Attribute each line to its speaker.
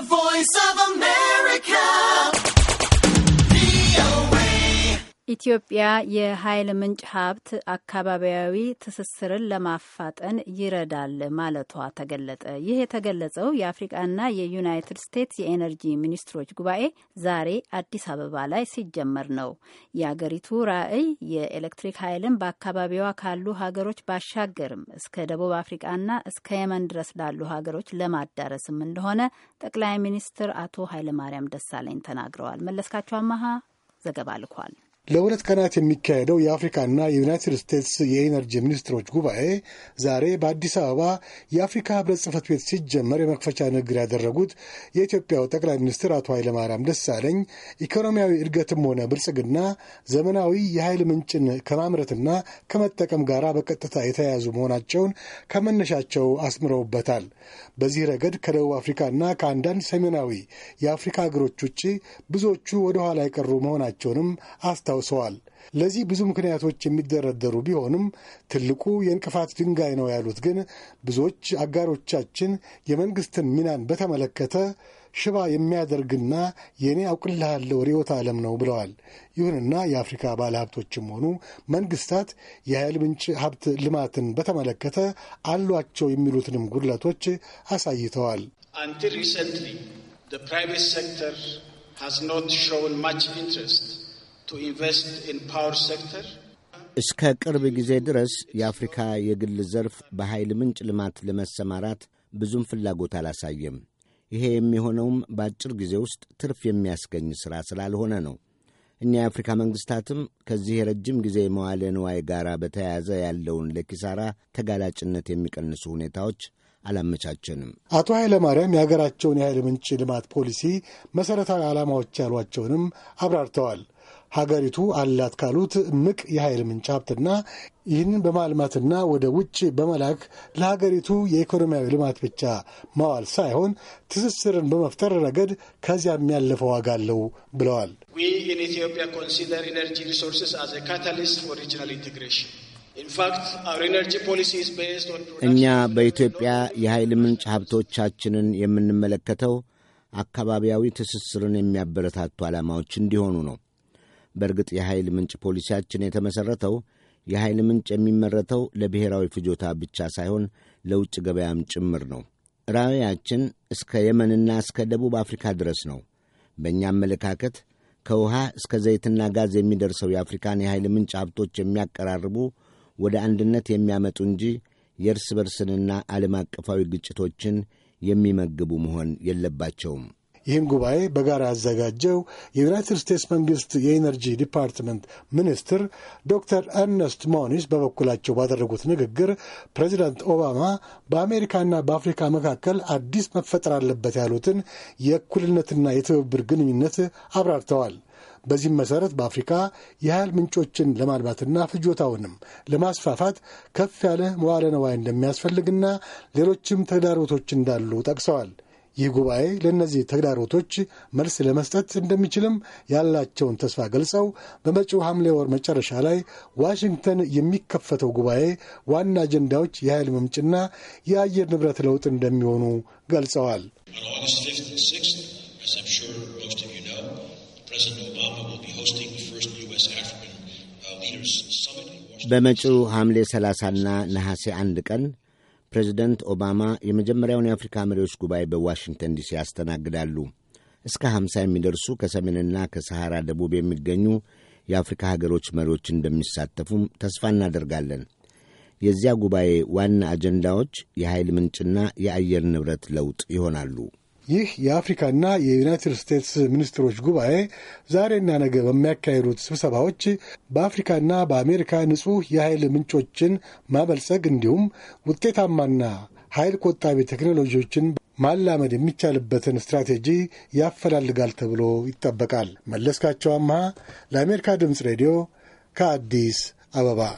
Speaker 1: The voice of a man. ኢትዮጵያ የኃይል ምንጭ ሀብት አካባቢያዊ ትስስርን ለማፋጠን ይረዳል ማለቷ ተገለጠ። ይህ የተገለጸው የአፍሪቃና የዩናይትድ ስቴትስ የኤነርጂ ሚኒስትሮች ጉባኤ ዛሬ አዲስ አበባ ላይ ሲጀመር ነው። የአገሪቱ ራዕይ የኤሌክትሪክ ኃይልን በአካባቢዋ ካሉ ሀገሮች ባሻገርም እስከ ደቡብ አፍሪቃና እስከ የመን ድረስ ላሉ ሀገሮች ለማዳረስም እንደሆነ ጠቅላይ ሚኒስትር አቶ ኃይለማርያም ደሳለኝ ተናግረዋል። መለስካቸው አማሃ ዘገባ ልኳል።
Speaker 2: ለሁለት ቀናት የሚካሄደው የአፍሪካና የዩናይትድ ስቴትስ የኢነርጂ ሚኒስትሮች ጉባኤ ዛሬ በአዲስ አበባ የአፍሪካ ህብረት ጽህፈት ቤት ሲጀመር የመክፈቻ ንግግር ያደረጉት የኢትዮጵያው ጠቅላይ ሚኒስትር አቶ ኃይለማርያም ደሳለኝ ኢኮኖሚያዊ እድገትም ሆነ ብልጽግና ዘመናዊ የኃይል ምንጭን ከማምረትና ከመጠቀም ጋር በቀጥታ የተያያዙ መሆናቸውን ከመነሻቸው አስምረውበታል። በዚህ ረገድ ከደቡብ አፍሪካና ከአንዳንድ ሰሜናዊ የአፍሪካ ሀገሮች ውጭ ብዙዎቹ ወደ ኋላ የቀሩ መሆናቸውንም አስታው አስታውሰዋል። ለዚህ ብዙ ምክንያቶች የሚደረደሩ ቢሆንም ትልቁ የእንቅፋት ድንጋይ ነው ያሉት ግን ብዙዎች አጋሮቻችን የመንግስትን ሚናን በተመለከተ ሽባ የሚያደርግና የእኔ አውቅልሃለሁ ርዕዮተ ዓለም ነው ብለዋል። ይሁንና የአፍሪካ ባለሀብቶችም ሆኑ መንግስታት የኃይል ምንጭ ሀብት ልማትን በተመለከተ አሏቸው የሚሉትንም ጉድለቶች አሳይተዋል። Until ሪሰንትሊ the ሴክተር ሃዝ ኖት ሾውን ማች ኢንትረስት
Speaker 3: እስከ ቅርብ ጊዜ ድረስ የአፍሪካ የግል ዘርፍ በኃይል ምንጭ ልማት ለመሰማራት ብዙም ፍላጎት አላሳየም። ይሄ የሚሆነውም በአጭር ጊዜ ውስጥ ትርፍ የሚያስገኝ ሥራ ስላልሆነ ነው። እኛ የአፍሪካ መንግሥታትም ከዚህ የረጅም ጊዜ መዋለ ንዋይ ጋር በተያያዘ ያለውን ለኪሳራ ተጋላጭነት የሚቀንሱ ሁኔታዎች አላመቻቸንም።
Speaker 2: አቶ ኃይለማርያም የሀገራቸውን የኃይል ምንጭ ልማት ፖሊሲ መሠረታዊ ዓላማዎች ያሏቸውንም አብራርተዋል። ሀገሪቱ አላት ካሉት እምቅ የኃይል ምንጭ ሀብትና ይህንን በማልማትና ወደ ውጭ በመላክ ለሀገሪቱ የኢኮኖሚያዊ ልማት ብቻ ማዋል ሳይሆን ትስስርን በመፍጠር ረገድ ከዚያ የሚያለፈ ዋጋ አለው ብለዋል።
Speaker 3: እኛ በኢትዮጵያ የኃይል ምንጭ ሀብቶቻችንን የምንመለከተው አካባቢያዊ ትስስርን የሚያበረታቱ ዓላማዎች እንዲሆኑ ነው። በእርግጥ የኃይል ምንጭ ፖሊሲያችን የተመሠረተው የኃይል ምንጭ የሚመረተው ለብሔራዊ ፍጆታ ብቻ ሳይሆን ለውጭ ገበያም ጭምር ነው። ራዕያችን እስከ የመንና እስከ ደቡብ አፍሪካ ድረስ ነው። በእኛ አመለካከት ከውሃ እስከ ዘይትና ጋዝ የሚደርሰው የአፍሪካን የኃይል ምንጭ ሀብቶች የሚያቀራርቡ ወደ አንድነት የሚያመጡ እንጂ የእርስ በርስንና ዓለም አቀፋዊ ግጭቶችን የሚመግቡ መሆን የለባቸውም።
Speaker 2: ይህን ጉባኤ በጋራ ያዘጋጀው የዩናይትድ ስቴትስ መንግስት የኤነርጂ ዲፓርትመንት ሚኒስትር ዶክተር ኤርነስት ሞኒስ በበኩላቸው ባደረጉት ንግግር ፕሬዚዳንት ኦባማ በአሜሪካና በአፍሪካ መካከል አዲስ መፈጠር አለበት ያሉትን የእኩልነትና የትብብር ግንኙነት አብራርተዋል። በዚህም መሰረት በአፍሪካ የኃይል ምንጮችን ለማልማትና ፍጆታውንም ለማስፋፋት ከፍ ያለ መዋለ ነዋይ እንደሚያስፈልግና ሌሎችም ተግዳሮቶች እንዳሉ ጠቅሰዋል። ይህ ጉባኤ ለእነዚህ ተግዳሮቶች መልስ ለመስጠት እንደሚችልም ያላቸውን ተስፋ ገልጸው በመጪው ሐምሌ ወር መጨረሻ ላይ ዋሽንግተን የሚከፈተው ጉባኤ ዋና አጀንዳዎች የኃይል ምንጭና የአየር ንብረት ለውጥ እንደሚሆኑ ገልጸዋል።
Speaker 3: በመጪው ሐምሌ 30ና ነሐሴ አንድ ቀን ፕሬዚደንት ኦባማ የመጀመሪያውን የአፍሪካ መሪዎች ጉባኤ በዋሽንግተን ዲሲ ያስተናግዳሉ። እስከ ሐምሳ የሚደርሱ ከሰሜንና ከሰሐራ ደቡብ የሚገኙ የአፍሪካ ሀገሮች መሪዎች እንደሚሳተፉም ተስፋ እናደርጋለን። የዚያ ጉባኤ ዋና አጀንዳዎች የኃይል ምንጭና የአየር ንብረት ለውጥ ይሆናሉ። ይህ
Speaker 2: የአፍሪካና የዩናይትድ ስቴትስ ሚኒስትሮች ጉባኤ ዛሬና ነገ በሚያካሄዱት ስብሰባዎች በአፍሪካና በአሜሪካ ንጹህ የኃይል ምንጮችን ማበልጸግ እንዲሁም ውጤታማና ኃይል ቆጣቢ ቴክኖሎጂዎችን ማላመድ የሚቻልበትን ስትራቴጂ ያፈላልጋል ተብሎ ይጠበቃል። መለስካቸው አምሃ ለአሜሪካ ድምፅ ሬዲዮ ከአዲስ አበባ